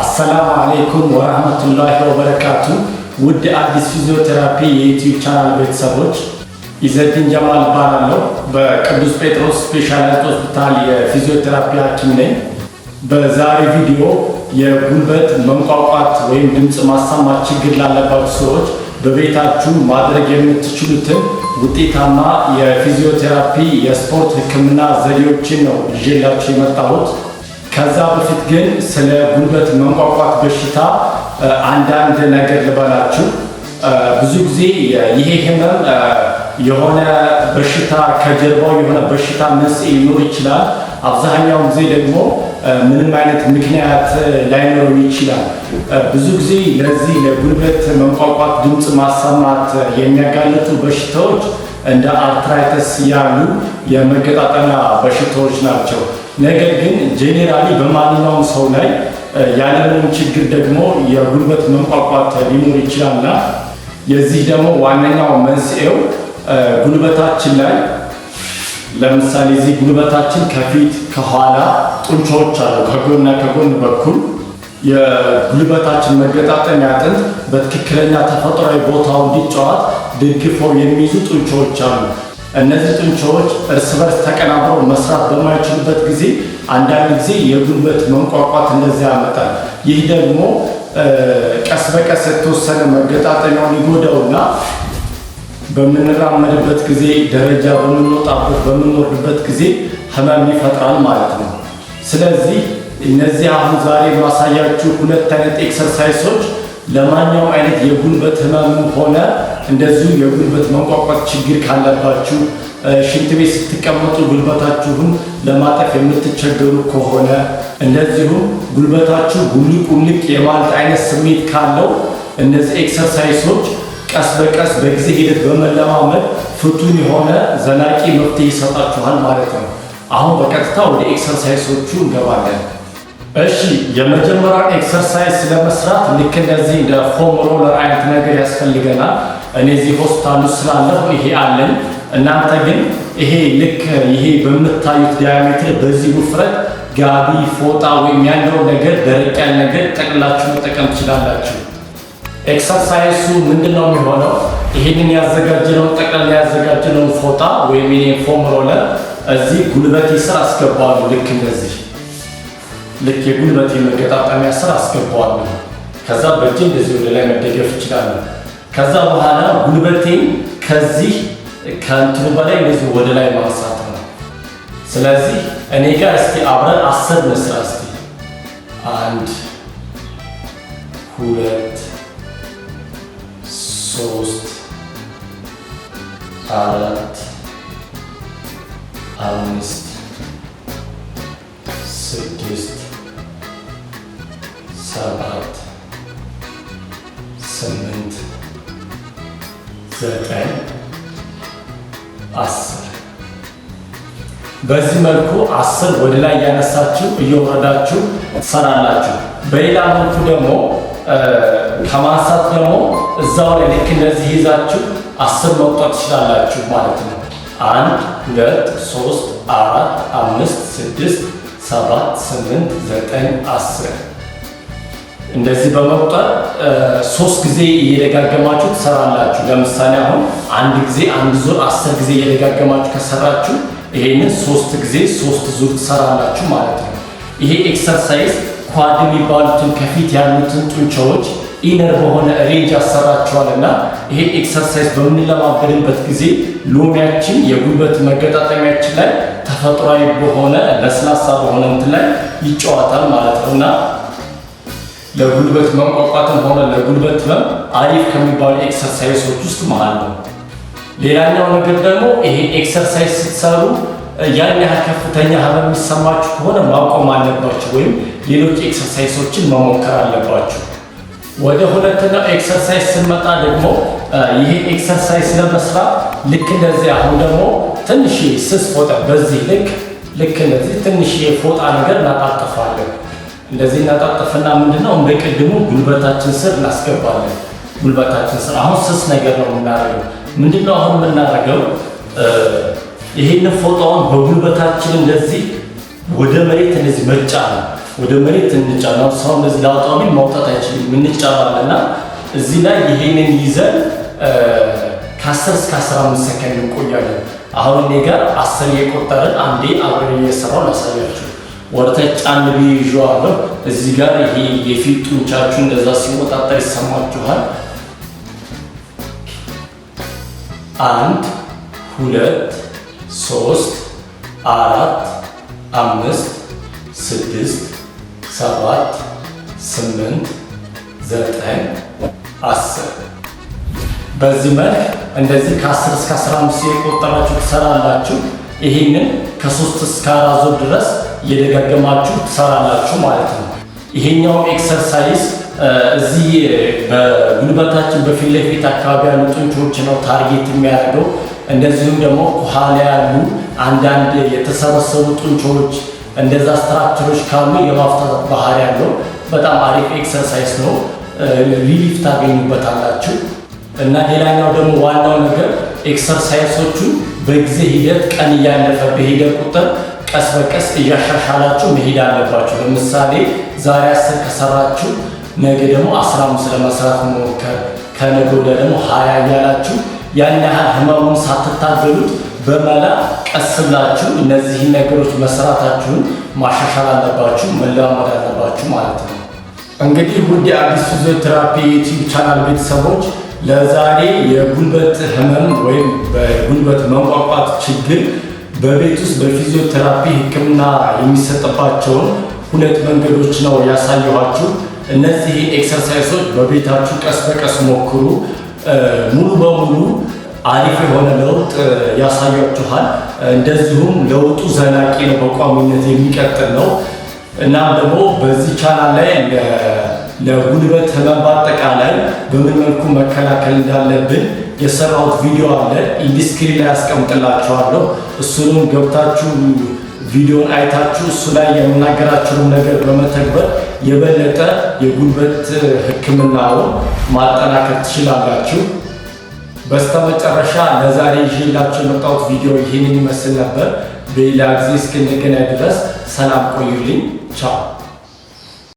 አሰላሙ አሌይኩም ወራህመቱላሂ ወበረካቱ። ውድ አዲስ ፊዚዮቴራፒ የዩቲዩብ ቻናል ቤተሰቦች ኢዘዲን ጀማል እባላለሁ። በቅዱስ ጴጥሮስ ስፔሻላይዝድ ሆስፒታል የፊዚዮቴራፒ ሐኪም ነኝ። በዛሬ ቪዲዮ የጉልበት መንቋቋት ወይም ድምፅ ማሰማት ችግር ላለባችሁ ሰዎች በቤታችሁ ማድረግ የምትችሉትን ውጤታማ የፊዚዮቴራፒ የስፖርት ሕክምና ዘዴዎችን ነው ይዤላችሁ የመጣሁት። ከዛ በፊት ግን ስለ ጉልበት መንቋቋት በሽታ አንዳንድ ነገር ልበላችሁ። ብዙ ጊዜ ይሄ ህመም የሆነ በሽታ ከጀርባው የሆነ በሽታ መንስኤ ሊኖር ይችላል። አብዛኛውን ጊዜ ደግሞ ምንም አይነት ምክንያት ላይኖረው ይችላል። ብዙ ጊዜ ለዚህ ለጉልበት መንቋቋት ድምፅ ማሰማት የሚያጋልጡ በሽታዎች እንደ አርትራይተስ ያሉ የመገጣጠሚያ በሽታዎች ናቸው። ነገር ግን ጄኔራሊ በማንኛውም ሰው ላይ ያለውን ችግር ደግሞ የጉልበት መንቋቋት ሊኖር ይችላልና የዚህ ደግሞ ዋነኛው መንስኤው ጉልበታችን ላይ ለምሳሌ እዚህ ጉልበታችን ከፊት ከኋላ ጡንቻዎች አሉ። ከጎንና ከጎን በኩል የጉልበታችን መገጣጠሚያ አጥንት በትክክለኛ ተፈጥሯዊ ቦታው እንዲጫዋት ደግፈው የሚይዙ ጡንቻዎች አሉ። እነዚህ ጡንቻዎች እርስ በርስ ተቀናብረው መስራት በማይችሉበት ጊዜ አንዳንድ ጊዜ የጉልበት መንቋቋት እንደዚ ያመጣል። ይህ ደግሞ ቀስ በቀስ የተወሰነ መገጣጠሚያውን ይጎዳውና በምንራመድበት ጊዜ ደረጃ በምንወጣበት በምንወርድበት ጊዜ ህመም ይፈጥራል ማለት ነው። ስለዚህ እነዚህ አሁን ዛሬ ማሳያችሁ ሁለት አይነት ኤክሰርሳይሶች ለማንኛውም አይነት የጉልበት ህመም ሆነ እንደዚሁ የጉልበት መንቋቋት ችግር ካለባችሁ ሽንት ቤት ስትቀመጡ ጉልበታችሁን ለማጠፍ የምትቸገሩ ከሆነ እንደዚሁም ጉልበታችሁ ጉልቅ ጉልቅ የማለት አይነት ስሜት ካለው እነዚህ ኤክሰርሳይሶች ቀስ በቀስ በጊዜ ሂደት በመለማመድ ፍቱን የሆነ ዘላቂ መፍትሄ ይሰጣችኋል ማለት ነው። አሁን በቀጥታ ወደ ኤክሰርሳይሶቹ እንገባለን። እሺ የመጀመሪያውን ኤክሰርሳይዝ ለመስራት ልክ እንደዚህ እንደ ፎም ሮለር አይነት ነገር ያስፈልገናል። እኔ እዚህ ሆስፒታል ውስጥ ስላለሁ ይሄ አለኝ፣ እናንተ ግን ይሄ ልክ ይሄ በምታዩት ዲያሜትር በዚህ ውፍረት ጋቢ ፎጣ ወይም ያለው ነገር ደረቅ ያለ ነገር ጠቅላችሁ መጠቀም ትችላላችሁ። ኤክሰርሳይሱ ምንድነው የሚሆነው? ይህንን ያዘጋጀነውን ጠቅላላ ያዘጋጀነውን ፎጣ ወይም ይሄ ፎም ሮለር እዚህ ጉልበት ስር አስገባዋለሁ። ልክ እንደዚህ ልክ የጉልበት መገጣጠሚያ ስር አስገባዋለሁ። ከዛ በእጅ እንደዚህ ወደ ላይ መደገፍ ይችላለን። ከዛ በኋላ ጉልበቴን ከዚህ ከእንትኑ በላይ እንደዚህ ወደ ላይ ማንሳት ነው። ስለዚህ እኔ ጋር እስኪ አብረን አስር መስራ እስቲ አንድ ሁለት ሶስት አራት አምስት ስድስት ሰባት ስምንት ዘጠኝ አስር በዚህ መልኩ አስር ወደ ላይ እያነሳችሁ እየወረዳችሁ ትሰራላችሁ። በሌላ መልኩ ደግሞ ከማንሳት ደግሞ እዛው ላይ ልክ እንደዚህ ይዛችሁ አስር መቁጠር ትችላላችሁ ማለት ነው። አንድ ሁለት ሶስት አራት አምስት ስድስት ሰባት ስምንት ዘጠኝ አስር እንደዚህ በመቁጠር ሶስት ጊዜ እየደጋገማችሁ ትሰራላችሁ። ለምሳሌ አሁን አንድ ጊዜ አንድ ዙር አስር ጊዜ እየደጋገማችሁ ከሰራችሁ ይሄንን ሶስት ጊዜ ሶስት ዙር ትሰራላችሁ ማለት ነው። ይሄ ኤክሰርሳይዝ ኳድ የሚባሉትን ከፊት ያሉትን ጡንቻዎች ኢነር በሆነ ሬንጅ ያሰራቸዋል እና ይሄ ኤክሰርሳይዝ በምንለማበድበት ጊዜ ሎሚያችን የጉልበት መገጣጠሚያችን ላይ ተፈጥሯዊ በሆነ ለስላሳ በሆነ እንትን ላይ ይጫወታል ማለት ነው እና ለጉልበት መንቋቋትም ሆነ ለጉልበት ህመም አሪፍ ከሚባሉ ኤክሰርሳይሶች ውስጥ መሃል ነው። ሌላኛው ነገር ደግሞ ይሄ ኤክሰርሳይዝ ስትሰሩ ያን ያህል ከፍተኛ ህመም የሚሰማችሁ ከሆነ ማቆም አለባችሁ ወይም ሌሎች ኤክሰርሳይሶችን መሞከር አለባችሁ። ወደ ሁለተኛው ኤክሰርሳይዝ ስንመጣ ደግሞ ይሄ ኤክሰርሳይዝ ለመስራት ልክ እንደዚህ አሁን ደግሞ ትንሽ ስስ ፎጣ በዚህ ልክ ልክ እንደዚህ ትንሽ የፎጣ ነገር እናጣጥፋለን። እንደዚህ እናጣጠፍና ምንድነው እንደ ቅድሙ ጉልበታችን ስር እናስገባለን። ጉልበታችን ስር አሁን ስስ ነገር ነው የምናደርገው። ምንድነው አሁን የምናደርገው? ይህንን ፎጣውን በጉልበታችን እንደዚህ ወደ መሬት እንደዚህ መጫ ነው። ወደ መሬት እንጫ ነው። ሰው እንደዚህ ላውጣሚን ማውጣት አይችልም። እንጫባለና እዚህ ላይ ይሄንን ይዘን ከ10 እስከ 15 ሰከንድ እንቆያለን። አሁን እኔ ጋር 10 የቆጠርን አንዴ አብረን እየሰራው ላሳያችሁ። ወደታች አንድ ብይዤዋለሁ። እዚህ ጋር ይሄ የፊት ጡንቻችሁ እንደዛ ሲወጣጠር ይሰማችኋል። አንድ ሁለት ሶስት አራት አምስት ስድስት ሰባት ስምንት ዘጠኝ አስር በዚህ መልክ እንደዚህ ከ10 እስከ 15 የቆጠራችሁ ትሰራላችሁ። ይህንን ከ3 እስከ 4 ዙር ድረስ እየደጋገማችሁ ትሰራላችሁ ማለት ነው። ይሄኛው ኤክሰርሳይዝ እዚህ በጉልበታችን በፊት ለፊት አካባቢ ያሉ ጡንቾች ነው ታርጌት የሚያደርገው። እንደዚሁም ደግሞ ከኋላ ያሉ አንዳንድ የተሰበሰቡ ጡንቾች እንደዛ ስትራክቸሮች ካሉ የማፍታት ባህሪ ያለው በጣም አሪፍ ኤክሰርሳይዝ ነው። ሪሊፍ ታገኙበታላችሁ። እና ሌላኛው ደግሞ ዋናው ነገር ኤክሰርሳይሶቹ በጊዜ ሂደት ቀን እያለፈ በሂደት ቁጥር ቀስ በቀስ እያሻሻላችሁ መሄድ አለባችሁ። ለምሳሌ ዛሬ አስር ከሰራችሁ ነገ ደግሞ አስራ አምስት ለመስራት መሞከር፣ ከነገ ወዲያ ደግሞ ሀያ እያላችሁ ያን ያህል ህመሙን ሳትታገሉት በመላ ቀስ ብላችሁ እነዚህን ነገሮች መስራታችሁን ማሻሻል አለባችሁ፣ መለማመድ አለባችሁ ማለት ነው። እንግዲህ ውድ የአዲስ ፊዚዮቴራፒ ዩቲዩብ ቻናል ቤተሰቦች ለዛሬ የጉልበት ህመም ወይም በጉልበት መንቋቋት ችግር በቤት ውስጥ በፊዚዮቴራፒ ህክምና የሚሰጥባቸውን ሁለት መንገዶች ነው ያሳየኋችሁ። እነዚህ ኤክሰርሳይሶች በቤታችሁ ቀስ በቀስ ሞክሩ። ሙሉ በሙሉ አሪፍ የሆነ ለውጥ ያሳያችኋል። እንደዚሁም ለውጡ ዘላቂ ነው፣ በቋሚነት የሚቀጥል ነው። እናም ደግሞ በዚህ ቻናል ላይ ለጉልበት ህመም በአጠቃላይ በምን መልኩ መከላከል እንዳለብን የሰራሁት ቪዲዮ አለ ኢንዲስክሪን ላይ አስቀምጥላችኋለሁ። እሱንም ገብታችሁ ቪዲዮን አይታችሁ እሱ ላይ የምናገራችሁን ነገር በመተግበር የበለጠ የጉልበት ሕክምናውን ማጠናከር ትችላላችሁ። በስተመጨረሻ ለዛሬ ይዤላችሁ የመጣሁት ቪዲዮ ይህንን ይመስል ነበር። በሌላ ጊዜ እስክንገናኝ ድረስ ሰላም ቆዩልኝ። ቻው